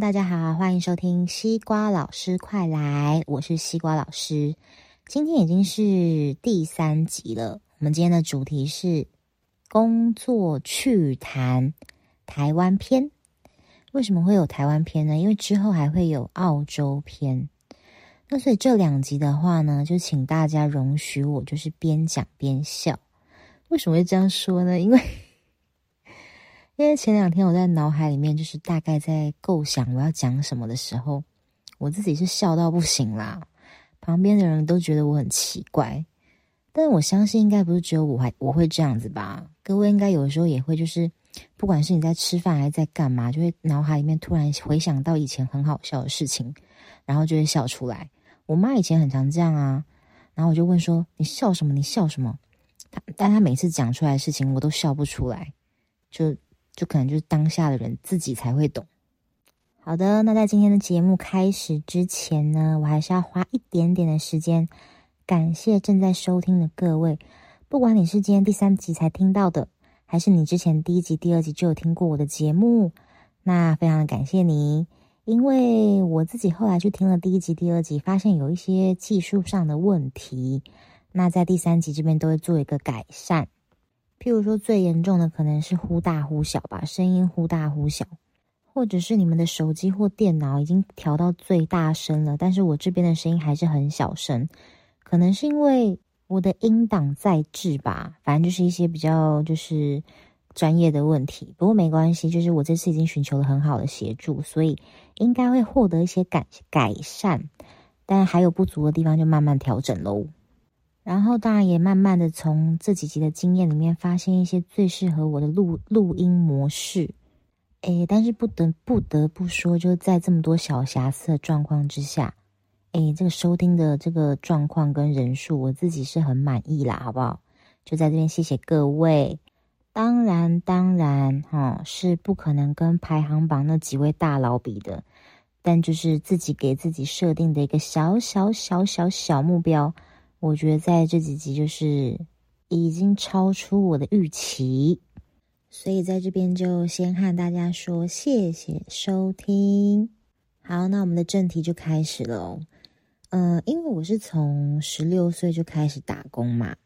大家好，歡迎收聽西瓜老師快來，我是西瓜老師。今天已經是第三集了，我們今天的主題是工作趣談台灣篇。為什麼會有台灣篇呢？因為之後還會有澳洲篇。那所以這兩集的話呢，就請大家容許我，就是邊講邊笑。為什麼會這樣說呢？因為。因為前兩天我在腦海裡面就是大概在構想我要講什麼的時候，我自己是笑到不行啦。旁邊的人都覺得我很奇怪，但是我相信應該不是只有我還我會這樣子吧？各位應該有的時候也會，就是不管是你在吃飯還是在幹嘛，就會腦海裡面突然回想到以前很好笑的事情，然後就會笑出來。我媽以前很常這樣啊，然後我就問說：“你笑什麼？你笑什麼？”她，但她每次講出來的事情我都笑不出來，就。就可能就是當下的人自己才會懂。好的，那在今天的節目開始之前呢，我還是要花一點點的時間，感謝正在收聽的各位。不管你是今天第三集才聽到的，還是你之前第一集、第二集就有聽過我的節目，那非常的感謝你。因為我自己後來去聽了第一集、第二集，發現有一些技術上的問題，那在第三集這邊都會做一個改善。譬如說，最嚴重的可能是忽大忽小吧，聲音忽大忽小，或者是你們的手機或電腦已經調到最大聲了，但是我這邊的聲音還是很小聲，可能是因為我的音檔在制吧，反正就是一些比較就是專業的問題。不過沒關係，就是我這次已經尋求了很好的協助，所以應該會獲得一些改改善，但還有不足的地方就慢慢調整嘍。然後，當然也慢慢的從這幾集的經驗裡面，發現一些最適合我的錄錄音模式。誒，但是不得不得不說，就在這麼多小瑕疵的狀況之下，誒，這個收聽的這個狀況跟人數，我自己是很滿意啦，好不好？就在這邊謝謝各位。當然，當然，哈，是不可能跟排行榜那幾位大佬比的，但就是自己給自己設定的一個小小小小小小目標。我覺得在這幾集就是已經超出我的預期，所以在這邊就先和大家說謝謝收聽。好，那我們的正題就開始咯。嗯、呃，因為我是從十六歲就開始打工嘛，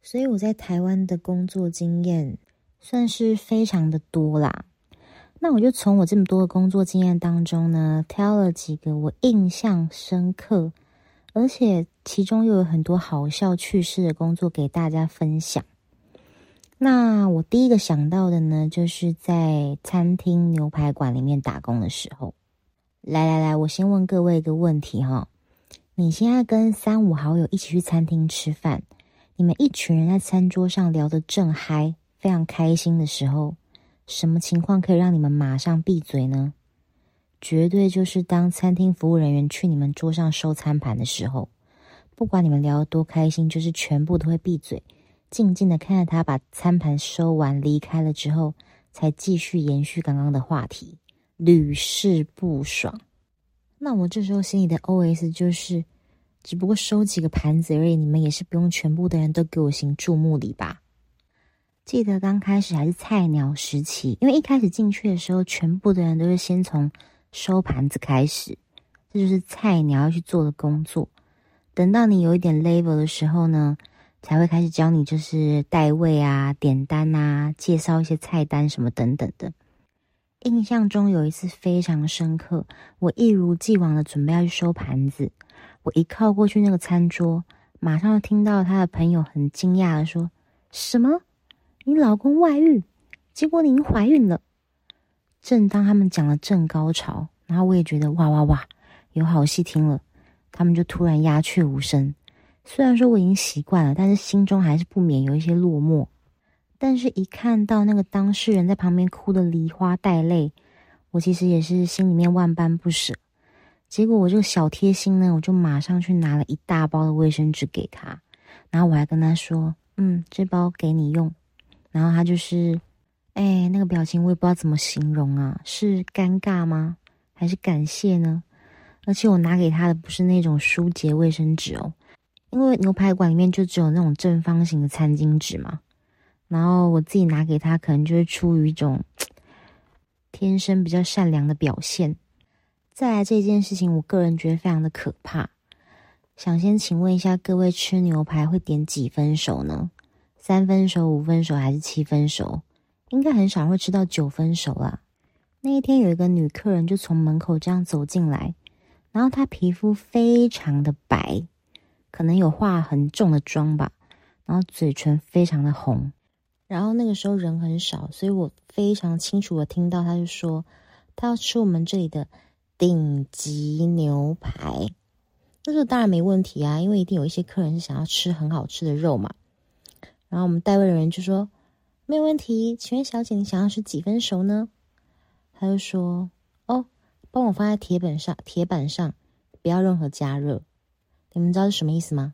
所以我在台灣的工作經驗算是非常的多啦。那我就從我這麼多的工作經驗當中呢，挑了幾個我印象深刻。而且其中又有很多好笑趣事的工作給大家分享。那我第一個想到的呢，就是在餐廳牛排館裡面打工的時候。來來來，我先問各位一個問題哈、哦：你現在跟三五好友一起去餐廳吃飯，你們一群人在餐桌上聊得正嗨，非常開心的時候，什麼情況可以讓你們馬上閉嘴呢？絕對就是當餐廳服務人員去你們桌上收餐盤的時候，不管你們聊得多開心，就是全部都會閉嘴，靜靜的看着他把餐盤收完離開了之後，才繼續延續剛剛的話題，屢試不爽。那我這時候心裡的 O S 就是，只不過收幾個盤子而已，你們也是不用全部的人都給我行注目禮吧？記得剛開始還是菜鳥時期，因為一開始進去的時候，全部的人都是先從。收盤子開始，這就是菜鳥要去做的工作。等到你有一點 level 的時候呢，才會開始教你，就是帶位啊、點單啊、介紹一些菜單什麼等等的。印象中有一次非常深刻，我一如既往的準備要去收盤子，我一靠過去那個餐桌，馬上聽到他的朋友很驚訝的說：“什麼？你老公外遇？結果您懷孕了？”正當他們講了正高潮，然後我也覺得哇哇哇，有好戲聽了，他們就突然鴉雀無聲。雖然說我已經習慣了，但是心中還是不免有一些落寞。但是，一看到那個當事人在旁邊哭的梨花帶淚，我其實也是心裡面萬般不舍。結果，我這個小貼心呢，我就馬上去拿了一大包的衛生紙給他，然後我還跟他說：“嗯，這包給你用。”然後他就是。哎，那個表情我也不知道怎麼形容啊，是尷尬嗎？還是感謝呢？而且我拿給他的不是那種舒潔衛生紙哦，因為牛排館裡面就只有那種正方形的餐巾紙嘛。然後我自己拿給他，可能就是出於一種天生比較善良的表現。再來這件事情，我個人覺得非常的可怕。想先請問一下各位，吃牛排會點幾分熟呢？三分熟、五分熟還是七分熟？應該很少會吃到九分熟啦。那一天有一個女客人就從門口這樣走進來，然後她皮膚非常的白，可能有化很重的妝吧，然後嘴唇非常的紅。然後那個時候人很少，所以我非常清楚的聽到她就說：“她要吃我們這裡的頂級牛排。”這個當然沒問題啊，因為一定有一些客人是想要吃很好吃的肉嘛。然後我們帶位的人就說。沒有問題，請問小姐，你想要吃幾分熟呢？她就說：“哦，幫我放在鐵板上，鐵板上，不要任何加熱。你們知道是什麼意思嗎？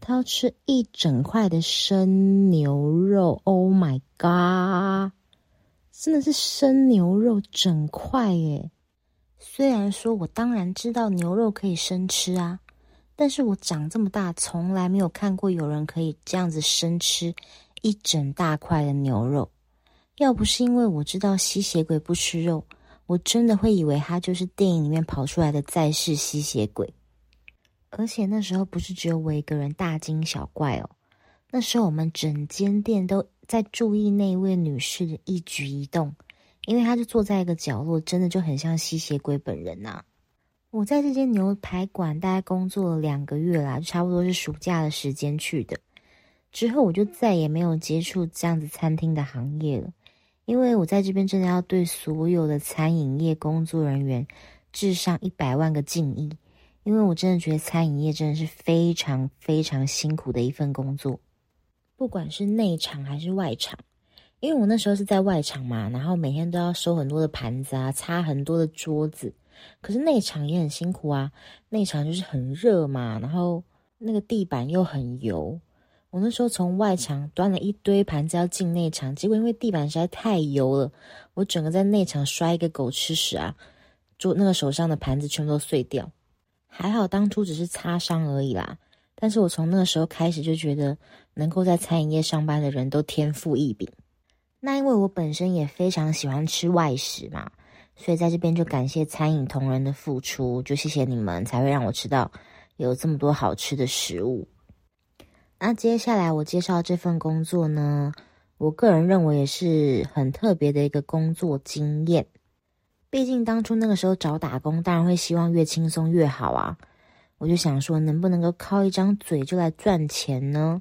她要吃一整塊的生牛肉。Oh my god，真的是生牛肉整塊耶！雖然說我當然知道牛肉可以生吃啊，但是我長這麼大，從來沒有看過有人可以這樣子生吃。”一整大塊的牛肉，要不是因為我知道吸血鬼不吃肉，我真的會以為他就是電影裡面跑出來的在世吸血鬼。而且那時候不是只有我一個人大驚小怪哦，那時候我們整間店都在注意那一位女士的一舉一動，因為她就坐在一個角落，真的就很像吸血鬼本人吶、啊。我在這間牛排館大概工作了兩個月啦，就差不多是暑假的時間去的。之後我就再也沒有接觸這樣子餐廳的行業了，因為我在這邊真的要對所有的餐飲業工作人員致上一百萬個敬意，因為我真的覺得餐飲業真的是非常非常辛苦的一份工作，不管是內場還是外場，因為我那時候是在外場嘛，然後每天都要收很多的盤子啊，擦很多的桌子，可是內場也很辛苦啊，內場就是很熱嘛，然後那個地板又很油。我那時候從外場端了一堆盤子要進內場，結果因為地板實在太油了，我整個在內場摔一個狗吃屎啊！就那個手上的盤子全部都碎掉，還好當初只是擦傷而已啦。但是我從那個時候開始就覺得，能夠在餐飲業上班的人都天賦異稟。那因為我本身也非常喜歡吃外食嘛，所以在這邊就感謝餐飲同仁的付出，就謝謝你們才會讓我吃到有這麼多好吃的食物。那接下來我介紹這份工作呢，我個人認為也是很特別的一個工作經驗。畢竟當初那個時候找打工，當然會希望越輕鬆越好啊。我就想說，能不能夠靠一張嘴就來賺錢呢？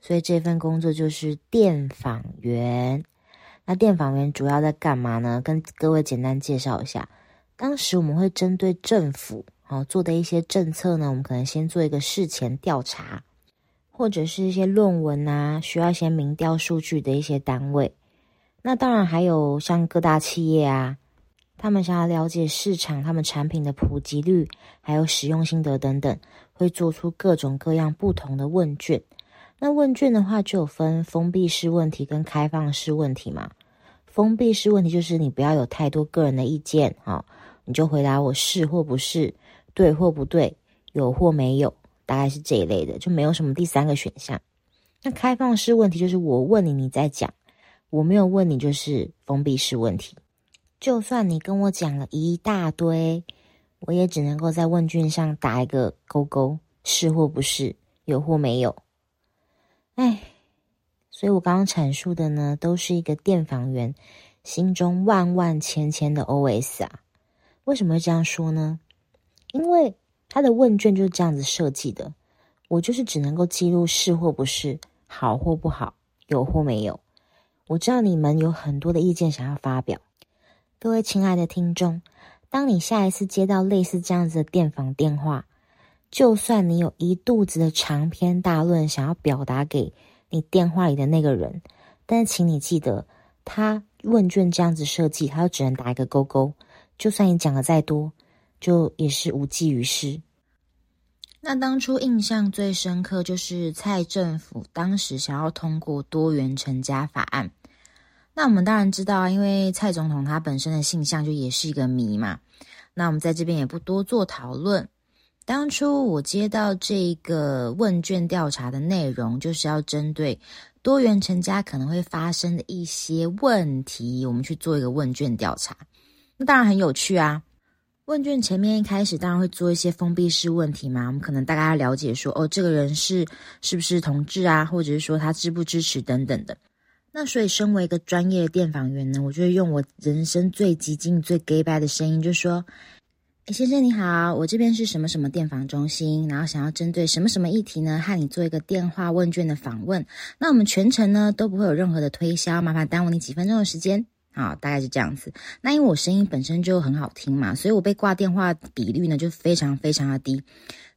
所以這份工作就是電訪員。那電訪員主要在幹嘛呢？跟各位簡單介紹一下，當時我們會針對政府好做的一些政策呢，我們可能先做一個事前調查。或者是一些論文啊，需要一些民調數據的一些單位，那當然還有像各大企業啊，他們想要了解市場，他們產品的普及率，還有使用心得等等，會做出各種各樣不同的問卷。那問卷的話，就分封閉式問題跟開放式問題嘛。封閉式問題就是你不要有太多個人的意見，好，你就回答我是或不是，對或不對，有或沒有。大概是這一類的，就沒有什麼第三個選項。那開放式問題就是我問你，你在講；我沒有問你，就是封閉式問題。就算你跟我講了一大堆，我也只能夠在問卷上打一個勾勾，是或不是，有或沒有。哎，所以我剛剛闡述的呢，都是一個電訪員心中萬萬千千的 OS 啊。為什麼會這樣說呢？因為。他的問卷就是這樣子設計的，我就是只能夠記錄是或不是，好或不好，有或沒有。我知道你們有很多的意見想要發表，各位親愛的聽眾，當你下一次接到類似這樣子的電訪電話，就算你有一肚子的長篇大論想要表達給你電話裡的那個人，但是請你記得，他問卷這樣子設計，他就只能打一個勾勾，就算你講的再多。就也是無濟於事。那當初印象最深刻就是蔡政府當時想要通過多元成家法案。那我們當然知道啊，因為蔡總統他本身的性向就也是一個謎嘛。那我們在這邊也不多做討論。當初我接到這一個問卷調查的內容，就是要針對多元成家可能會發生的一些問題，我們去做一個問卷調查。那當然很有趣啊。問卷前面一開始當然會做一些封閉式問題嘛，我們可能大概要了解說，哦，這個人是是不是同志啊，或者是說他支不支持等等的。那所以，身為一個專業的電訪員呢，我就會用我人生最激進、最 gay 掰的聲音就說：誒、哎、先生你好，我這邊是什麼什麼電訪中心，然後想要針對什麼什麼議題呢，和你做一個電話問卷的訪問。那我們全程呢都不會有任何的推銷，麻煩耽誤你幾分鐘的時間。好，大概是這樣子。那因為我聲音本身就很好聽嘛，所以我被掛電話比率呢就非常非常的低，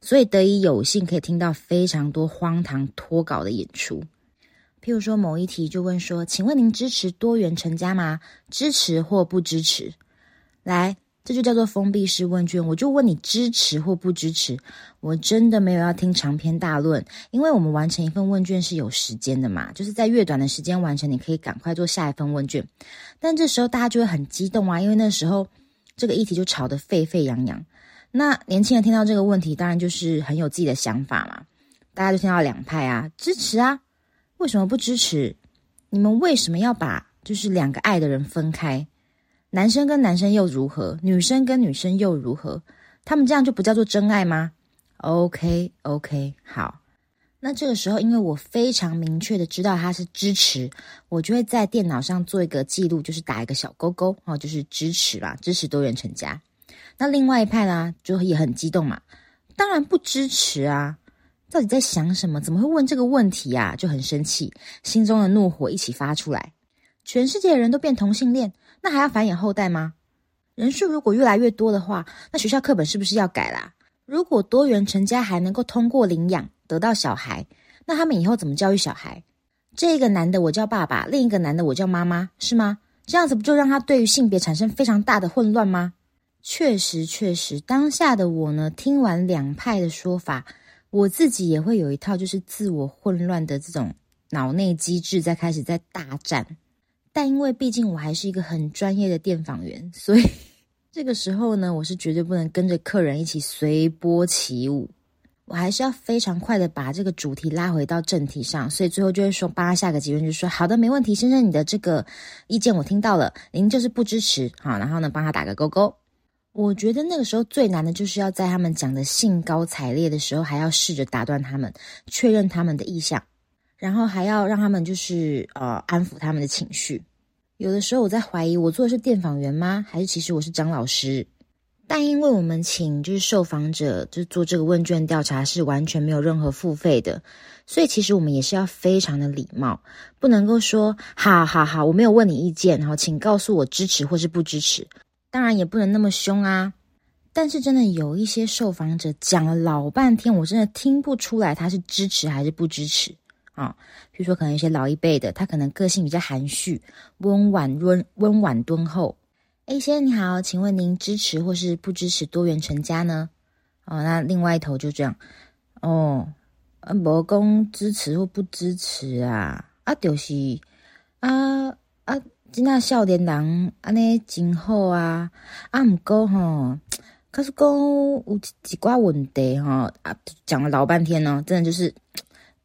所以得以有幸可以聽到非常多荒唐脫稿的演出。譬如說某一題就問說，請問您支持多元成家嗎？支持或不支持？來。這就叫做封閉式問卷，我就問你支持或不支持。我真的沒有要聽長篇大論，因為我們完成一份問卷是有時間的嘛，就是在越短的時間完成，你可以趕快做下一份問卷。但這時候大家就會很激動啊，因為那時候這個議題就吵得沸沸揚揚。那年輕人聽到這個問題，當然就是很有自己的想法嘛，大家就聽到兩派啊，支持啊，為什麼不支持？你們為什麼要把就是兩個愛的人分開？男生跟男生又如何？女生跟女生又如何？他們這樣就不叫做真愛嗎？OK OK，好。那這個時候，因為我非常明確的知道他是支持，我就會在電腦上做一個記錄，就是打一個小勾勾啊，就是支持啦，支持多元成家。那另外一派啦，就也很激動嘛，當然不支持啊！到底在想什麼？怎麼會問這個問題呀？就很生氣，心中的怒火一起發出來，全世界的人都變同性戀。那還要繁衍後代嗎？人數如果越來越多的話，那學校課本是不是要改啦？如果多元成家還能夠通過領養得到小孩，那他們以後怎麼教育小孩？這個男的我叫爸爸，另一個男的我叫媽媽，是嗎？這樣子不就讓他對於性別產生非常大的混亂嗎？確實，確實，當下的我呢，聽完兩派的說法，我自己也會有一套就是自我混亂的這種腦內機制在開始在大戰。但因為畢竟我還是一個很專業的電訪員，所以這個時候呢，我是絕對不能跟着客人一起隨波起舞，我還是要非常快的把這個主題拉回到正題上。所以最後就會說幫他下個結論，就說好的，沒問題，先生，你的這個意見我聽到了，您就是不支持，好，然後呢，幫他打個勾勾。我覺得那個時候最難的就是要在他們講的興高采烈的時候，還要試着打斷他們，確認他們的意向。然後還要讓他們就是呃安撫他們的情緒，有的時候我在懷疑我做的是電訪員嗎？還是其實我是張老師？但因為我們請就是受訪者就做這個問卷調查是完全沒有任何付費的，所以其實我們也是要非常的禮貌，不能夠說好好好，我沒有問你意見，然後請告訴我支持或是不支持。當然也不能那麼兇啊。但是真的有一些受訪者講了老半天，我真的聽不出來他是支持還是不支持。啊，譬、哦、如說，可能一些老一輩的，他可能個性比較含蓄、溫婉、溫溫婉、敦厚。誒、欸、先生你好，請問您支持或是不支持多元成家呢？哦，那另外一頭就這樣。哦，摩公支持或不支持啊？啊，就是啊啊，今的少年郎，啊，呢，今後啊！啊，唔過吼，可是講有幾幾掛問題哈。啊，講、哦哦啊、了老半天呢、哦，真的就是。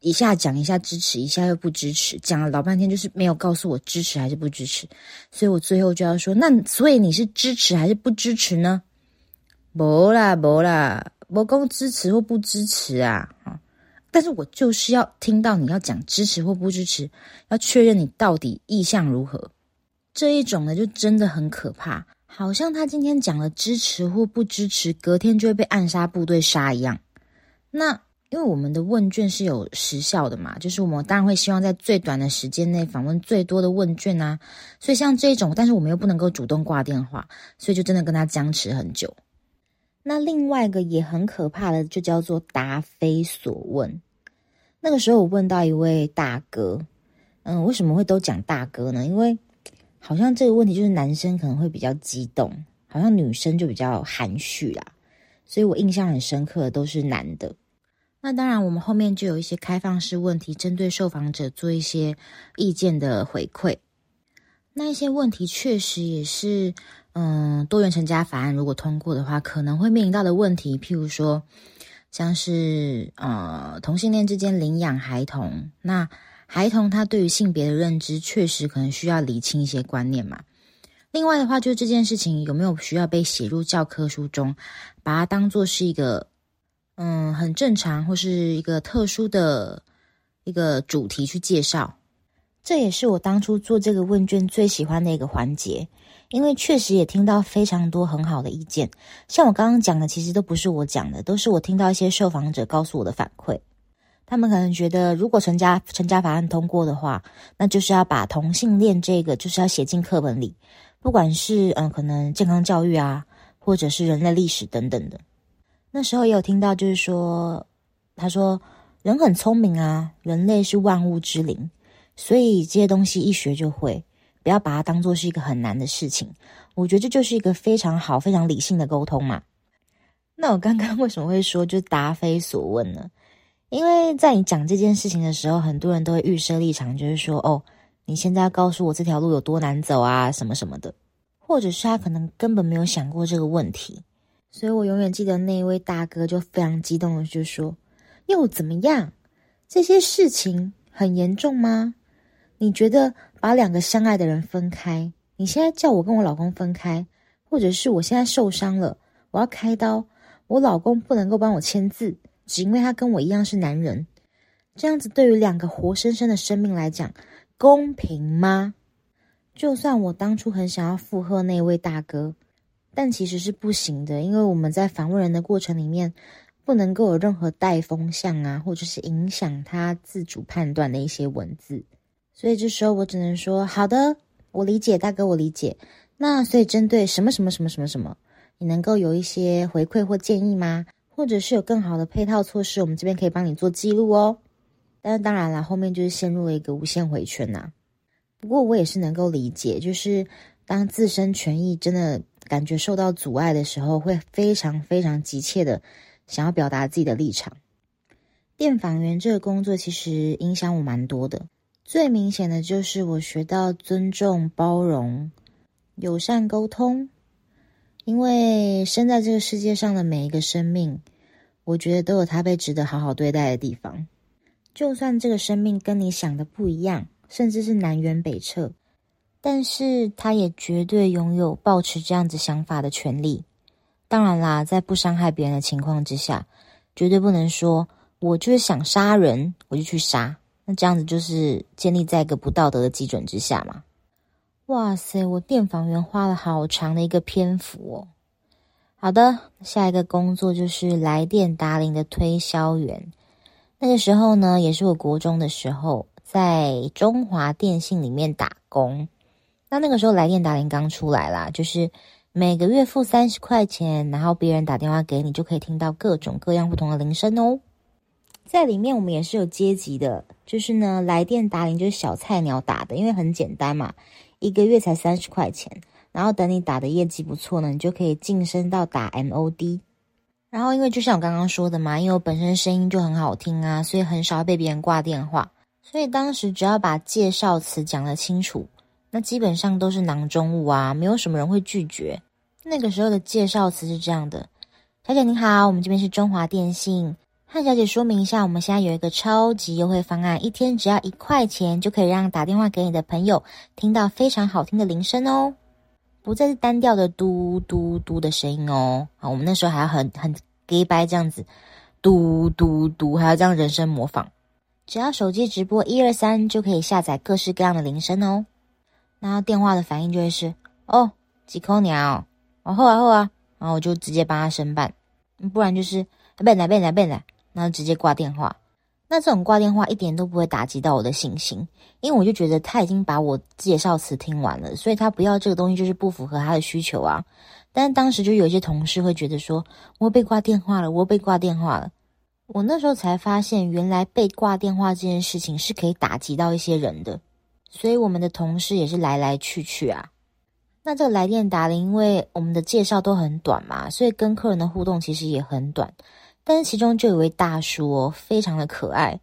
一下講一下支持，一下又不支持，講了老半天就是沒有告訴我支持還是不支持，所以我最後就要說，那所以你是支持還是不支持呢？不啦不啦，魔公支持或不支持啊啊！但是我就是要聽到你要講支持或不支持，要確認你到底意向如何。這一種呢就真的很可怕，好像他今天講了支持或不支持，隔天就會被暗殺部隊殺一樣。那。因為我們的問卷是有時效的嘛，就是我們當然會希望在最短的時間內訪問最多的問卷啊，所以像這種，但是我們又不能夠主動掛電話，所以就真的跟他僵持很久。那另外一個也很可怕的，就叫做答非所問。那個時候我問到一位大哥，嗯，為什麼會都講大哥呢？因為好像這個問題就是男生可能會比較激動，好像女生就比較含蓄啦、啊，所以我印象很深刻的都是男的。那當然，我們後面就有一些開放式問題，針對受訪者做一些意見的回饋。那一些問題確實也是，嗯，多元成家法案如果通過的話，可能會面臨到的問題，譬如說，像是呃同性戀之間領養孩童，那孩童他對於性別的認知確實可能需要理清一些觀念嘛。另外的話，就是這件事情有沒有需要被寫入教科書中，把它當作是一個。嗯，很正常，或是一個特殊的，一個主題去介紹。這也是我當初做這個問卷最喜歡的一個環節，因為確實也聽到非常多很好的意見。像我剛剛講的，其實都不是我講的，都是我聽到一些受訪者告訴我的反饋。他們可能覺得，如果成家成家法案通過的話，那就是要把同性戀這個就是要寫進課本裡，不管是嗯，可能健康教育啊，或者是人類歷史等等的。那時候也有聽到，就是說，他說人很聰明啊，人類是萬物之靈，所以這些東西一學就會，不要把它當做是一個很難的事情。我覺得這就是一個非常好、非常理性的溝通嘛。那我剛剛為什麼會說就答非所問呢？因為在你講這件事情的時候，很多人都會預設立場，就是說哦，你現在要告訴我這條路有多難走啊，什麼什麼的，或者是他可能根本沒有想過這個問題。所以我永遠記得那一位大哥就非常激動的就說：“又怎麼樣？這些事情很嚴重嗎？你覺得把兩個相愛的人分開？你現在叫我跟我老公分開，或者是我現在受傷了，我要開刀，我老公不能夠幫我簽字，只因為他跟我一樣是男人。這樣子對於兩個活生生的生命來講，公平嗎？”就算我當初很想要附和那位大哥。但其實是不行的，因為我們在訪問人的過程裡面，不能夠有任何帶風向啊，或者是影響他自主判斷的一些文字。所以這時候我只能說，好的，我理解，大哥我理解。那所以針對什麼什麼什麼什麼什麼，你能夠有一些回饋或建議嗎？或者是有更好的配套措施，我們這邊可以幫你做記錄哦。但是當然啦，後面就是陷入了一個無限回圈吶，啊。不過我也是能夠理解，就是當自身權益真的。感覺受到阻礙的時候，會非常非常急切的想要表達自己的立場。電訪員這個工作其實影響我蠻多的，最明顯的就是我學到尊重、包容、友善溝通。因為生在這個世界上的每一個生命，我覺得都有他被值得好好對待的地方，就算這個生命跟你想的不一樣，甚至是南轅北轍。但是他也絕對擁有抱持這樣子想法的權利。當然啦，在不傷害別人的情況之下，絕對不能說“我就是想殺人，我就去殺”。那這樣子就是建立在一個不道德的基準之下嘛。哇塞，我電訪員花了好長的一個篇幅哦。好的，下一個工作就是來電答鈴的推銷員。那個時候呢，也是我國中的時候，在中華電信裡面打工。那那個時候，來電答鈴剛出來啦，就是每個月付三十塊錢，然後別人打電話給你，就可以聽到各種各樣不同的鈴聲哦。在裡面，我們也是有階級的，就是呢，來電答鈴就是小菜鳥打的，因為很簡單嘛，一個月才三十塊錢。然後等你打的業績不錯呢，你就可以晉升到打 MOD。然後，因為就像我剛剛說的嘛，因為我本身聲音就很好聽啊，所以很少被別人掛電話。所以當時只要把介紹詞講得清楚。那基本上都是囊中物啊，沒有什麼人會拒絕。那個時候的介紹詞是這樣的：“小姐您好，我們這邊是中華電信，和小姐說明一下，我們現在有一個超級優惠方案，一天只要一塊錢就可以讓打電話給你的朋友聽到非常好聽的鈴聲哦，不再是單調的嘟嘟嘟的聲音哦。好，我們那時候還要很很假掰這樣子，嘟嘟嘟，還要這樣人聲模仿，只要手機直撥一二三就可以下載各式各樣的鈴聲哦。”那電話的反應就會是哦，幾口鳥、哦，然後啊，然後啊，然後我就直接幫他申辦，不然就是哎，背來背來背來，然後直接掛電話。那這種掛電話一點都不會打擊到我的信心，因為我就覺得他已經把我介紹詞聽完了，所以他不要這個東西就是不符合他的需求啊。但是當時就有有些同事會覺得說，我被掛電話了，我被掛電話了。我那時候才發現，原來被掛電話這件事情是可以打擊到一些人的。所以我們的同事也是來來去去啊。那這個來電答鈴，因為我們的介紹都很短嘛，所以跟客人的互動其實也很短。但是其中就有一位大叔哦，非常的可愛，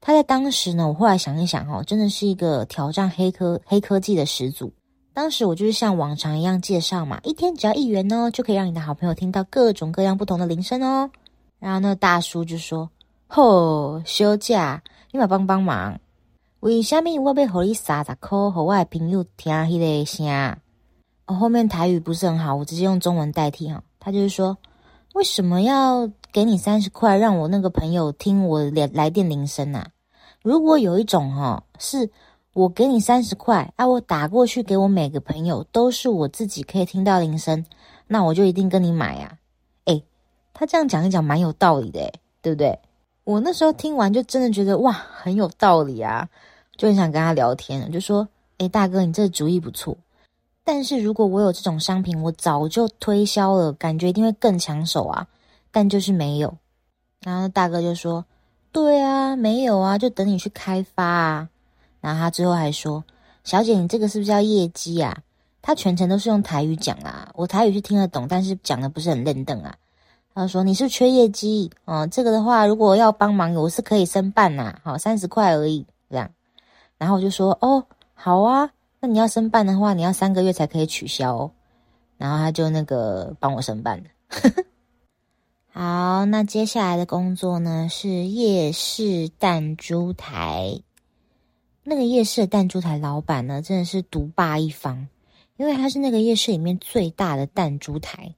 他在當時呢，我後來想一想，哦，真的是一個挑戰黑科黑科技的始祖。當時我就是像往常一樣介紹嘛，一天只要一元哦，就可以讓你的好朋友聽到各種各樣不同的鈴聲哦。然後那個大叔就說：“哦，休假，你來幫幫忙。”為蝦米我被給你三十塊，讓外朋友聽迄個聲？哦，後面台語不是很好，我直接用中文代替哈。他就是說，為什麼要給你三十塊，讓我那個朋友聽我來來電鈴聲吶、啊？如果有一種哈，是我給你三十塊，啊，我打過去給我每個朋友都是我自己可以聽到鈴聲，那我就一定跟你買呀、啊。哎，他這樣講一講蠻有道理的，哎，對不對？我那時候聽完就真的覺得哇很有道理啊，就很想跟他聊天。就說，哎大哥，你這個主意不錯，但是如果我有這種商品，我早就推銷了，感覺一定會更搶手啊。但就是沒有。然後大哥就說，對啊，沒有啊，就等你去開發啊。然後他最後還說，小姐你這個是不是叫業績啊？他全程都是用台語講啦，我台語是聽得懂，但是講的不是很輪轉啊。他說：“你是缺業績，哦，這個的話，如果要幫忙，我是可以申辦吶、啊。好、哦，三十塊而已，這樣。然後我就說：哦，好啊，那你要申辦的話，你要三個月才可以取消、哦。然後他就那個幫我申辦呵 好，那接下來的工作呢，是夜市彈珠台。那個夜市的彈珠台老板呢，真的是獨霸一方，因為他是那個夜市裡面最大的彈珠台。”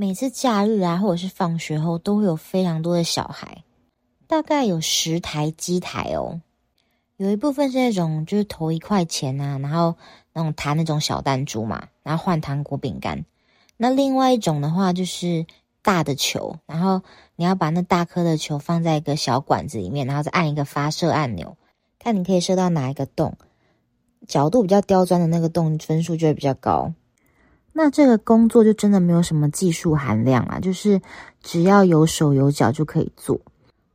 每次假日啊，或者是放學後，都會有非常多的小孩，大概有十台機台哦。有一部分是那種就是投一塊錢啊，然後那種彈那種小彈珠嘛，然後換糖果餅乾。那另外一種的話，就是大的球，然後你要把那大顆的球放在一個小管子裡面，然後再按一個發射按鈕，看你可以射到哪一個洞，角度比較刁鑽的那個洞分數就會比較高。那這個工作就真的沒有什麼技術含量啊，就是只要有手有腳就可以做。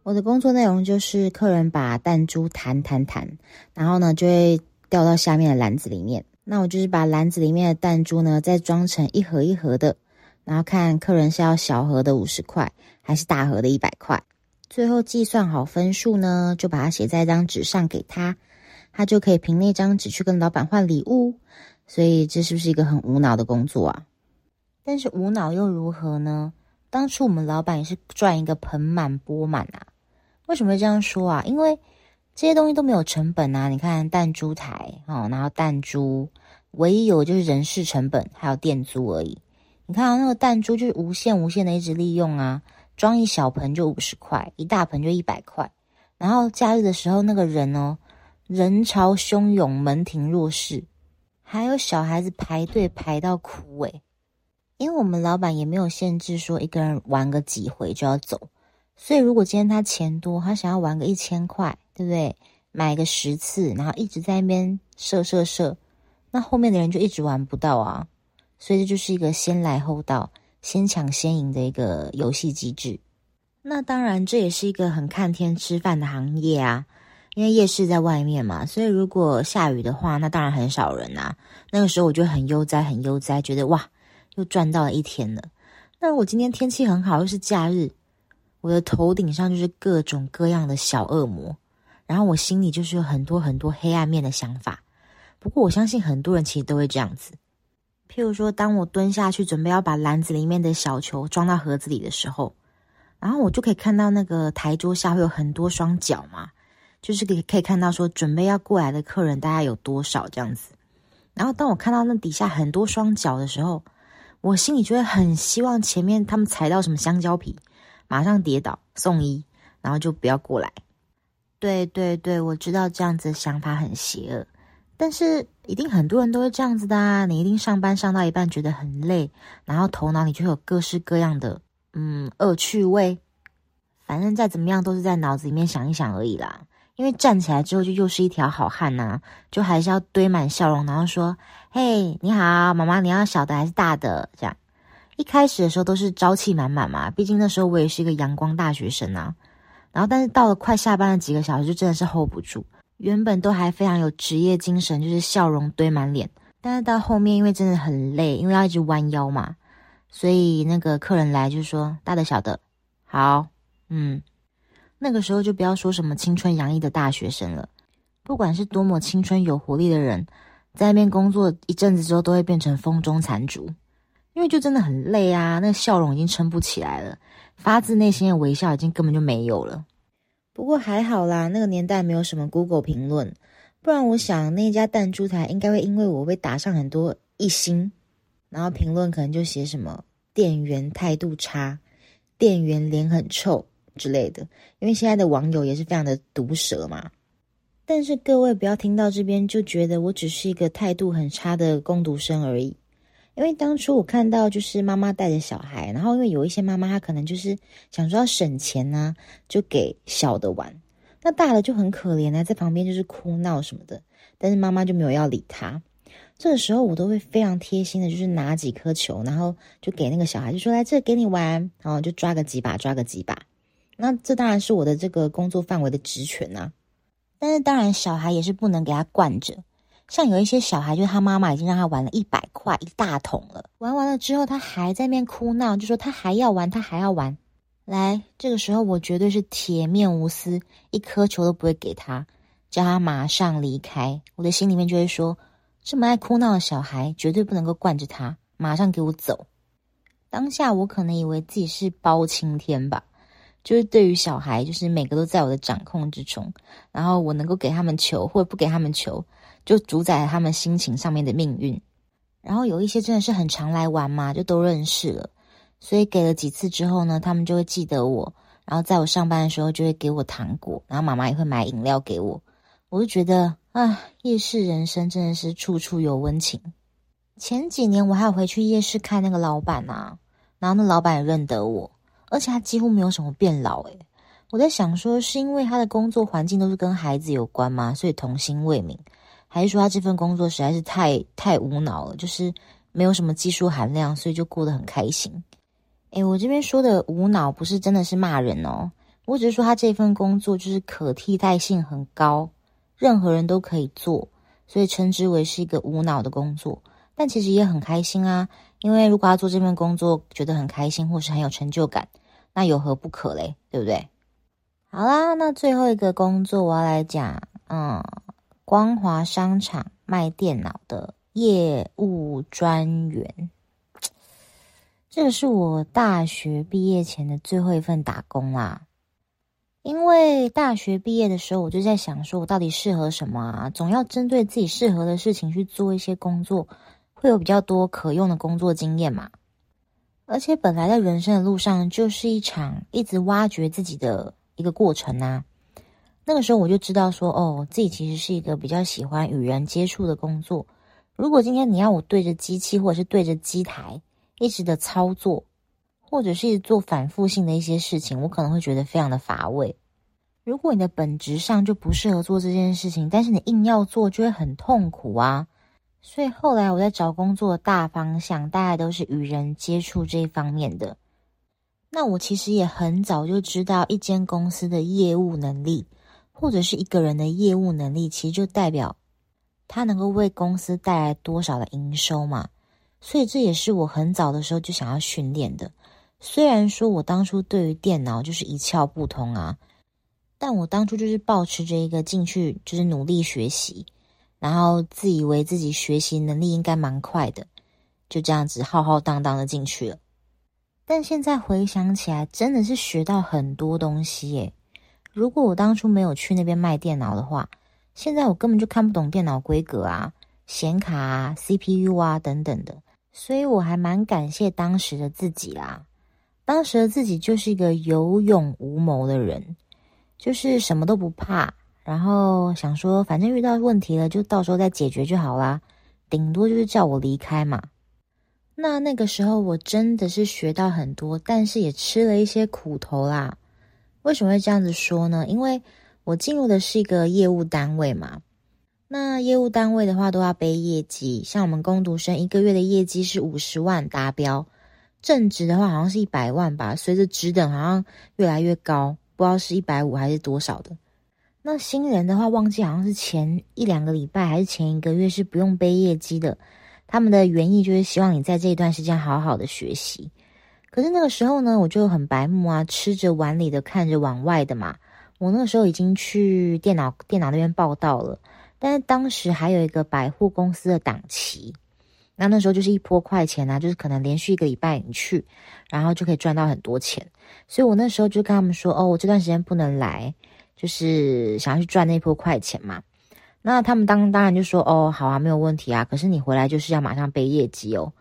我的工作內容就是客人把彈珠彈彈彈，然後呢就會掉到下面的籃子裡面。那我就是把籃子裡面的彈珠呢再裝成一盒一盒的，然後看客人是要小盒的五十塊還是大盒的一百塊，最後計算好分數呢，就把它寫在一張紙上給他。他就可以憑那張紙去跟老闆換禮物，所以這是不是一個很無腦的工作啊？但是無腦又如何呢？當初我們老闆也是賺一個盆滿缽滿啊！為什麼這樣說啊？因為這些東西都沒有成本啊！你看彈珠台哦，然後彈珠，唯一有就是人事成本還有店租而已。你看啊，那個彈珠就是無限無限的一直利用啊，裝一小盆就五十塊，一大盆就一百塊。然後假日的時候那個人哦。人潮洶湧，門庭若市，還有小孩子排隊排到枯萎。因為我們老闆也沒有限制說一個人玩個幾回就要走，所以如果今天他錢多，他想要玩個一千塊，對不對？買個十次，然後一直在那邊射射射，那後面的人就一直玩不到啊。所以這就是一個先來後到、先搶先贏的一個遊戲機制。那當然，這也是一個很看天吃飯的行業啊。因為夜市在外面嘛，所以如果下雨的話，那當然很少人吶。那個時候我就很悠哉，很悠哉，覺得哇，又賺到了一天了。那我今天天氣很好，又是假日，我的頭頂上就是各種各樣的小惡魔，然後我心裡就是有很多很多黑暗面的想法。不過我相信很多人其實都會這樣子。譬如說，當我蹲下去準備要把籃子裡面的小球裝到盒子裡的時候，然後我就可以看到那個台桌下會有很多雙腳嘛。就是可以可以看到，說準備要過來的客人大概有多少這樣子。然後當我看到那底下很多雙腳的時候，我心裡就會很希望前面他們踩到什麼香蕉皮，馬上跌倒送醫，然後就不要過來。對對對，我知道這樣子的想法很邪惡，但是一定很多人都會這樣子的啊！你一定上班上到一半覺得很累，然後頭腦裡就有各式各樣的嗯惡趣味，反正再怎麼樣都是在腦子裡面想一想而已啦。因為站起來之後就又是一條好漢吶、啊，就還是要堆滿笑容，然後說：“嘿，你好，媽媽，你要小的還是大的？”這樣，一開始的時候都是朝氣滿滿嘛，畢竟那時候我也是一個陽光大學生啊。然後，但是到了快下班的幾個小時，就真的是 hold 不住，原本都還非常有職業精神，就是笑容堆滿臉，但是到後面因為真的很累，因為要一直彎腰嘛，所以那個客人來就是說大的、小的，好，嗯。那個時候就不要說什麼青春洋溢的大學生了，不管是多麼青春有活力的人，在外面工作一陣子之後都會變成風中殘燭，因為就真的很累啊，那個笑容已經撐不起來了，發自內心的微笑已經根本就沒有了。不過還好啦，那個年代沒有什麼 Google 評論，不然我想那家彈珠台應該會因為我被打上很多一星，然後評論可能就寫什麼店員態度差，店員臉很臭。之類的，因為現在的網友也是非常的毒舌嘛。但是各位不要聽到這邊就覺得我只是一個態度很差的工讀生而已。因為當初我看到就是媽媽帶着小孩，然後因為有一些媽媽她可能就是想說要省錢呢，就給小的玩，那大的就很可憐啊，在旁邊就是哭鬧什麼的，但是媽媽就沒有要理他。這個時候我都會非常貼心的，就是拿幾顆球，然後就給那個小孩，就說來，這給你玩，然後就抓個幾把，抓個幾把。那這當然是我的這個工作範圍的職權吶、啊，但是當然小孩也是不能給他慣着，像有一些小孩，就是他媽媽已經讓他玩了一百塊一大桶了，玩完了之後他還在那邊哭鬧，就說他還要玩，他還要玩。來，這個時候我絕對是鐵面無私，一顆球都不會給他，叫他馬上離開。我的心裡面就會說，這麼愛哭鬧的小孩絕對不能夠慣着他，馬上給我走。當下我可能以為自己是包青天吧。就是對於小孩，就是每個都在我的掌控之中，然後我能夠給他們球或不給他們球，就主宰他們心情上面的命運。然後有一些真的是很常來玩嘛，就都認識了，所以給了幾次之後呢，他們就會記得我。然後在我上班的時候就會給我糖果，然後媽媽也會買飲料給我。我就覺得啊，夜市人生真的是處處有溫情。前幾年我還有回去夜市看那個老闆啊，然後那老闆也認得我。而且他幾乎沒有什麼變老誒，我在想說，是因為他的工作環境都是跟孩子有關嗎？所以童心未泯，還是說他這份工作實在是太太無腦了，就是沒有什麼技術含量，所以就過得很開心？誒，我這邊說的無腦不是真的是罵人哦，我只是說他這份工作就是可替代性很高，任何人都可以做，所以稱之為是一個無腦的工作，但其實也很開心啊，因為如果他做這份工作，覺得很開心或是很有成就感。那有何不可嘞？對不對？好啦，那最後一個工作我要來講，嗯，光華商場賣電腦的業務專員，這個是我大學畢業前的最後一份打工啦。因為大學畢業的時候，我就在想說，我到底適合什麼啊？總要針對自己適合的事情去做一些工作，會有比較多可用的工作經驗嘛。而且本來在人生的路上就是一場一直挖掘自己的一個過程啊。那個時候我就知道說，哦，自己其實是一個比較喜歡與人接觸的工作。如果今天你要我對着機器或者是對着機台一直的操作，或者是做反覆性的一些事情，我可能會覺得非常的乏味。如果你的本質上就不適合做這件事情，但是你硬要做就會很痛苦啊。所以後來我在找工作的大方向，大概都是與人接觸這一方面的。那我其實也很早就知道，一間公司的業務能力，或者是一個人的業務能力，其實就代表他能夠為公司帶來多少的營收嘛。所以這也是我很早的時候就想要訓練的。雖然說我當初對於電腦就是一竅不通啊，但我當初就是抱持著一個進去就是努力學習。然後自以為自己學習能力應該蠻快的，就這樣子浩浩蕩蕩的進去了。但現在回想起來，真的是學到很多東西耶。如果我當初沒有去那邊賣電腦的話，現在我根本就看不懂電腦規格啊、顯卡啊、CPU 啊等等的。所以我還蠻感謝當時的自己啦。當時的自己就是一個有勇無謀的人，就是什麼都不怕。然後想說，反正遇到問題了，就到時候再解決就好啦，頂多就是叫我離開嘛。那那個時候我真的是學到很多，但是也吃了一些苦頭啦。為什麼會這樣子說呢？因為我進入的是一個業務單位嘛。那業務單位的話都要背業績，像我們工讀生一個月的業績是五十萬達標，正職的話好像是一百萬吧。隨着職等好像越來越高，不知道是一百五還是多少的。那新人的話，忘記好像是前一兩個禮拜還是前一個月是不用背業績的。他們的原意就是希望你在這一段時間好好的學習。可是那個時候呢，我就很白目啊，吃着碗裡的看着碗外的嘛。我那個時候已經去電腦電腦那邊報到了，但是當時還有一個百貨公司的檔期。那那時候就是一波快錢啊，就是可能連續一個禮拜你去，然後就可以賺到很多錢。所以我那時候就跟他們說：“哦，我這段時間不能來。”就是想要去賺那波快錢嘛，那他們當當然就說哦，好啊，沒有問題啊，可是你回來就是要馬上背業績哦。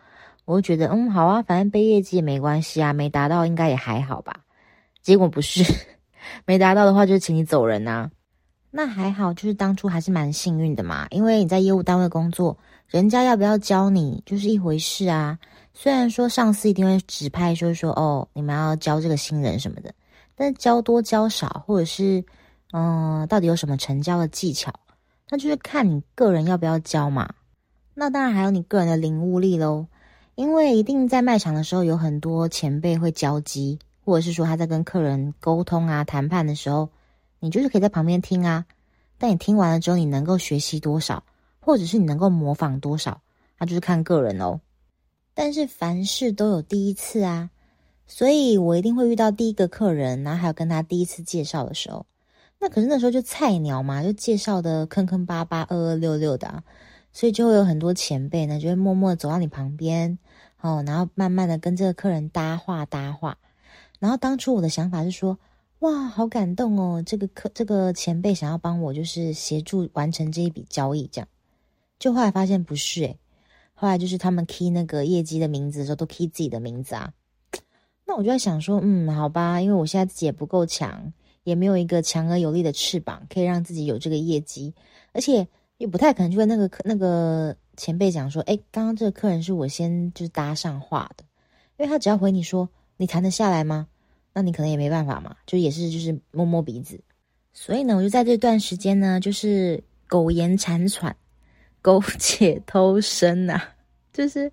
我就覺得嗯，好啊，反正背業績也沒關係啊，沒達到應該也還好吧。結果不是，沒達到的話就請你走人吶、啊。那還好，就是當初還是蠻幸運的嘛，因為你在業務單位工作，人家要不要教你就是一回事啊。雖然說上司一定會指派就是說，說哦，你們要教這個新人什麼的，但是教多教少或者是。嗯，到底有什麼成交的技巧？那就是看你個人要不要教嘛。那當然還有你個人的領悟力嘍。因為一定在賣場的時候，有很多前輩會交集，或者是說他在跟客人溝通啊、談判的時候，你就是可以在旁邊聽啊。但你聽完了之後，你能夠學習多少，或者是你能夠模仿多少，那、啊、就是看個人哦。但是凡事都有第一次啊，所以我一定會遇到第一個客人，然後還有跟他第一次介紹的時候。那可是那時候就菜鳥嘛，就介紹的坑坑巴巴、二二六六的啊，所以就會有很多前輩呢，就會默默走到你旁邊，哦，然後慢慢的跟這個客人搭話搭話。然後當初我的想法是說，哇，好感動哦，這個客這個前輩想要幫我，就是協助完成這一筆交易，這樣。就後來發現不是誒、欸，後來就是他們 key 那個業績的名字的時候，都 key 自己的名字啊。那我就在想說，嗯，好吧，因為我現在自己也不夠強。也沒有一個強而有力的翅膀可以讓自己有這個業績，而且又不太可能就跟那個那個前輩講說，誒，剛剛這個客人是我先就是搭上話的，因為他只要回你說你談得下來嗎？那你可能也沒辦法嘛，就也是就是摸摸鼻子。所以呢，我就在這段時間呢，就是苟延殘喘，苟且偷生吶、啊，就是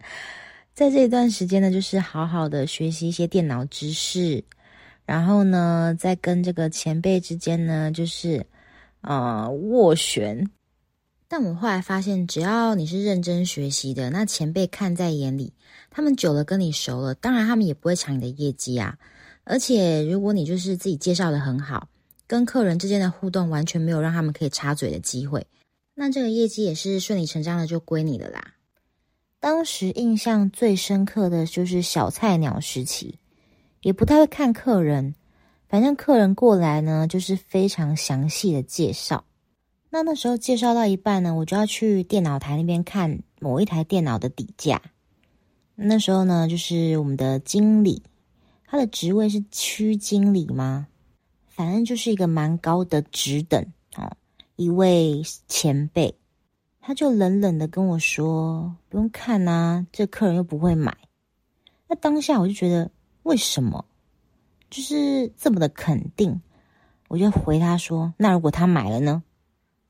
在這段時間呢，就是好好的學習一些電腦知識。然後呢，在跟這個前輩之間呢，就是，呃，斡旋。但我後來發現，只要你是認真學習的，那前輩看在眼裡，他們久了跟你熟了，當然他們也不會搶你的業績啊。而且，如果你就是自己介紹的很好，跟客人之間的互動完全沒有讓他們可以插嘴的機會，那這個業績也是順理成章的就歸你的啦。當時印象最深刻的就是小菜鳥時期。也不太會看客人，反正客人過來呢，就是非常詳細的介紹。那那時候介紹到一半呢，我就要去電腦台那邊看某一台電腦的底價。那時候呢，就是我們的經理，他的職位是區經理嘛，反正就是一個蠻高的職等哦，一位前輩，他就冷冷的跟我說：“不用看啊，這客人又不會買。”那當下我就覺得。為什麼？就是這麼的肯定，我就回他說：“那如果他買了呢？”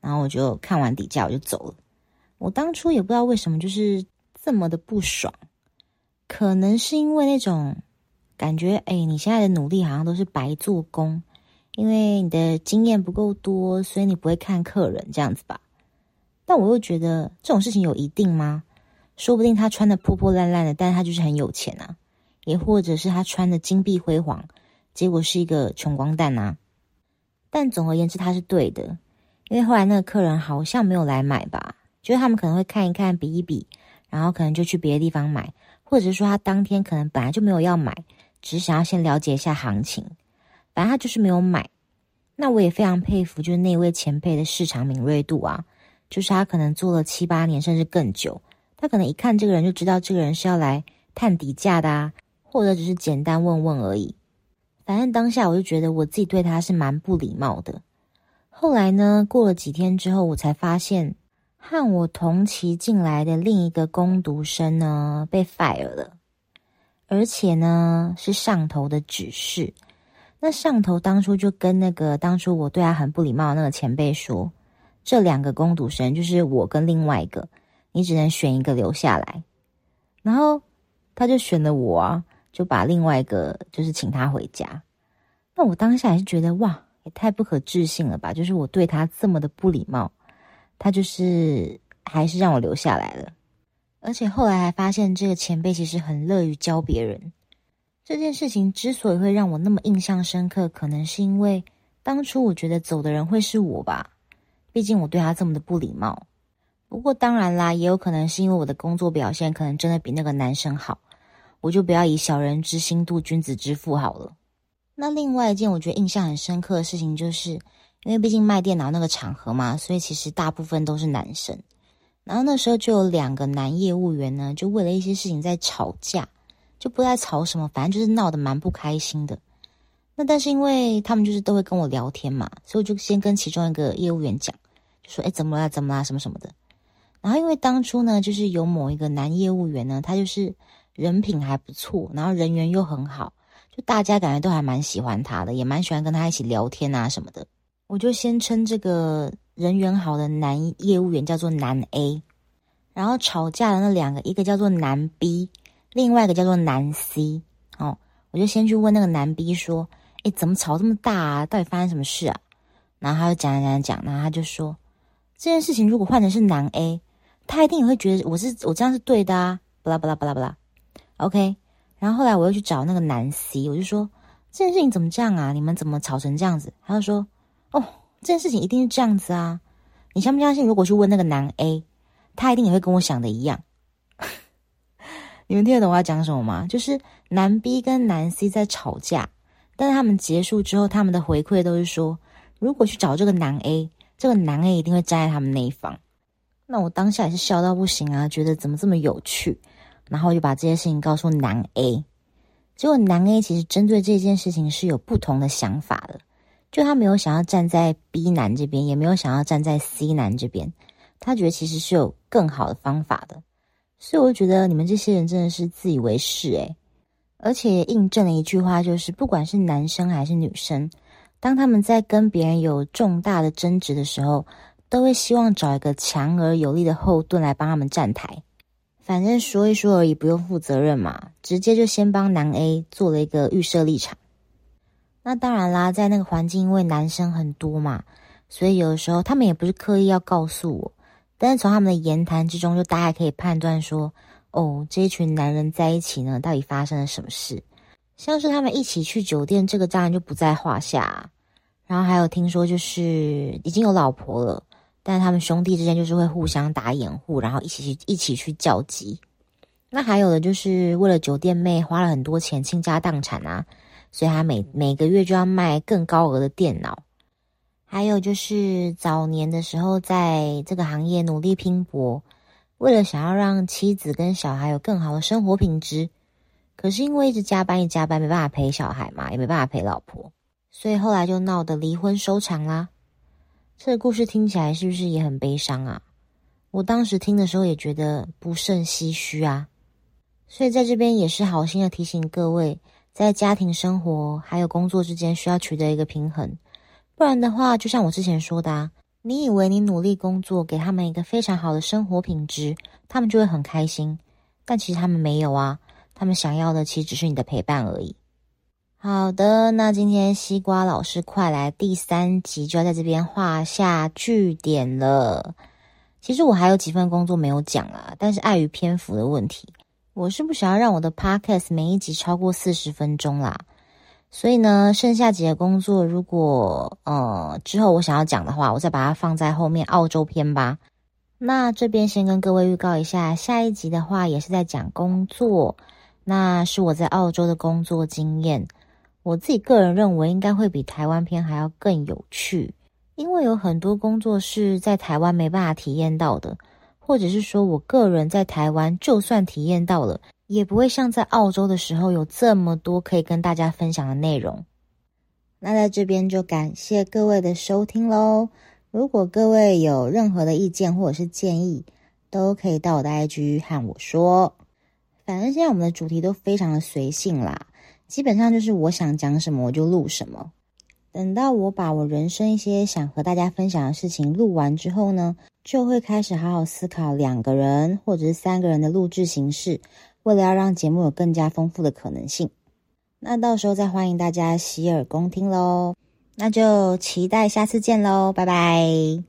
然後我就看完底價我就走了。我當初也不知道為什麼，就是這麼的不爽，可能是因為那種感覺，哎，你現在的努力好像都是白做工，因為你的經驗不夠多，所以你不會看客人這樣子吧？但我又覺得這種事情有一定嗎？說不定他穿的破破爛爛的，但是他就是很有錢啊。也或者是他穿的金碧輝煌，結果是一個窮光蛋吶啊。但總而言之，他是對的，因為後來那個客人好像沒有來買吧，就是他們可能會看一看、比一比，然後可能就去別的地方買，或者是說他當天可能本來就沒有要買，只是想要先了解一下行情。反正他就是沒有買。那我也非常佩服，就是那位前輩的市場敏銳度啊，就是他可能做了七八年甚至更久，他可能一看這個人就知道這個人是要來探底價的啊。或者只是簡單問問而已，反正當下我就覺得我自己對他是蠻不禮貌的。後來呢，過了幾天之後，我才發現和我同期進來的另一個工讀生呢被 fire 了，而且呢是上頭的指示。那上頭當初就跟那個當初我對他很不禮貌的那個前輩說，這兩個工讀生就是我跟另外一個，你只能選一個留下來。然後他就選了我啊。就把另外一個就是請他回家，那我當下還是覺得哇，也太不可置信了吧！就是我對他這麼的不禮貌，他就是還是讓我留下來了。而且後來還發現這個前輩其實很樂於教別人。這件事情之所以會讓我那麼印象深刻，可能是因為當初我覺得走的人會是我吧，畢竟我對他這麼的不禮貌。不過當然啦，也有可能是因為我的工作表現可能真的比那個男生好。我就不要以小人之心度君子之腹好了。那另外一件我覺得印象很深刻的事情，就是因為畢竟賣電腦那個場合嘛，所以其實大部分都是男生。然後那時候就有兩個男業務員呢，就為了一些事情在吵架，就不知道吵什麼，反正就是鬧得蠻不開心的。那但是因為他們就是都會跟我聊天嘛，所以我就先跟其中一個業務員講，就說：“哎，怎麼啦？怎麼啦？什麼什麼的。”然後因為當初呢，就是有某一個男業務員呢，他就是。人品還不錯，然後人緣又很好，就大家感覺都還蠻喜歡他的，也蠻喜歡跟他一起聊天啊什麼的。我就先稱這個人緣好的男業務員叫做男 A，然後吵架的那兩個，一個叫做男 B，另外一個叫做男 C。哦，我就先去問那個男 B 說：“哎，怎麼吵這麼大啊？到底發生什麼事啊？”然後他就講了講了講，然後他就說：“這件事情如果換成是男 A，他一定也會覺得我是我這樣是對的啊！”巴拉巴拉巴拉巴拉。OK，然後後來我又去找那個男 C，我就說這件事情怎麼這樣啊？你們怎麼吵成這樣子？他就說哦，這件事情一定是這樣子啊！你相不相信？如果去問那個男 A，他一定也會跟我想的一樣。 你們聽得懂我要講什麼嗎？就是男 B 跟男 C 在吵架，但是他們結束之後，他們的回饋都是說，如果去找這個男 A，這個男 A 一定會站在他們那一方。那我當下也是笑到不行啊，覺得怎麼這麼有趣。然後就把這些事情告訴男 A，結果男 A 其實針對這件事情是有不同的想法的，就他沒有想要站在 B 男這邊，也沒有想要站在 C 男這邊，他覺得其實是有更好的方法的，所以我覺得你們這些人真的是自以為是誒。而且印證了一句話，就是不管是男生還是女生，當他們在跟別人有重大的爭執的時候，都會希望找一個強而有力的後盾來幫他們站台。反正說一說而已，不用負責任嘛，直接就先幫男 A 做了一個預設立場。那當然啦，在那個環境，因為男生很多嘛，所以有的時候他們也不是刻意要告訴我，但是從他們的言談之中，就大概可以判斷說，哦，這群男人在一起呢，到底發生了什麼事？像是他們一起去酒店，這個當然就不在話下。然後還有聽說，就是已經有老婆了。但是他們兄弟之間就是會互相打掩護，然後一起去一起去叫雞。那還有的就是為了酒店妹花了很多錢，傾家蕩產啊，所以他每每個月就要賣更高額的電腦。還有就是早年的時候在這個行業努力拼搏，為了想要讓妻子跟小孩有更好的生活品質，可是因為一直加班一加班，沒辦法陪小孩嘛，也沒辦法陪老婆，所以後來就鬧得離婚收場啦、啊。這個故事聽起來是不是也很悲傷啊？我當時聽的時候也覺得不勝唏噓啊。所以在這邊也是好心的提醒各位，在家庭生活還有工作之間需要取得一個平衡，不然的話，就像我之前說的啊，你以為你努力工作給他們一個非常好的生活品質，他們就會很開心，但其實他們沒有啊，他們想要的其實只是你的陪伴而已。好的，那今天西瓜老師快來第三集就要在這邊畫下句點了。其實我還有幾份工作沒有講啦啊，但是礙於篇幅的問題，我是不想要讓我的 podcast 每一集超過四十分鐘啦。所以呢，剩下幾個工作，如果呃之後我想要講的話，我再把它放在後面澳洲篇吧。那這邊先跟各位預告一下，下一集的話也是在講工作，那是我在澳洲的工作經驗。我自己個人認為，應該會比台灣篇還要更有趣，因為有很多工作是在台灣沒辦法體驗到的，或者是說我個人在台灣就算體驗到了，也不會像在澳洲的時候有這麼多可以跟大家分享的內容。那在這邊就感謝各位的收聽嘍。如果各位有任何的意見或者是建議，都可以到我的 IG 和我說。反正現在我們的主題都非常的隨性啦。基本上就是我想講什麼，我就錄什麼。等到我把我人生一些想和大家分享的事情錄完之後呢，就會開始好好思考兩個人或者是三個人的錄製形式，為了要讓節目有更加豐富的可能性。那到時候再歡迎大家洗耳恭聽嘍。那就期待下次見嘍，拜拜。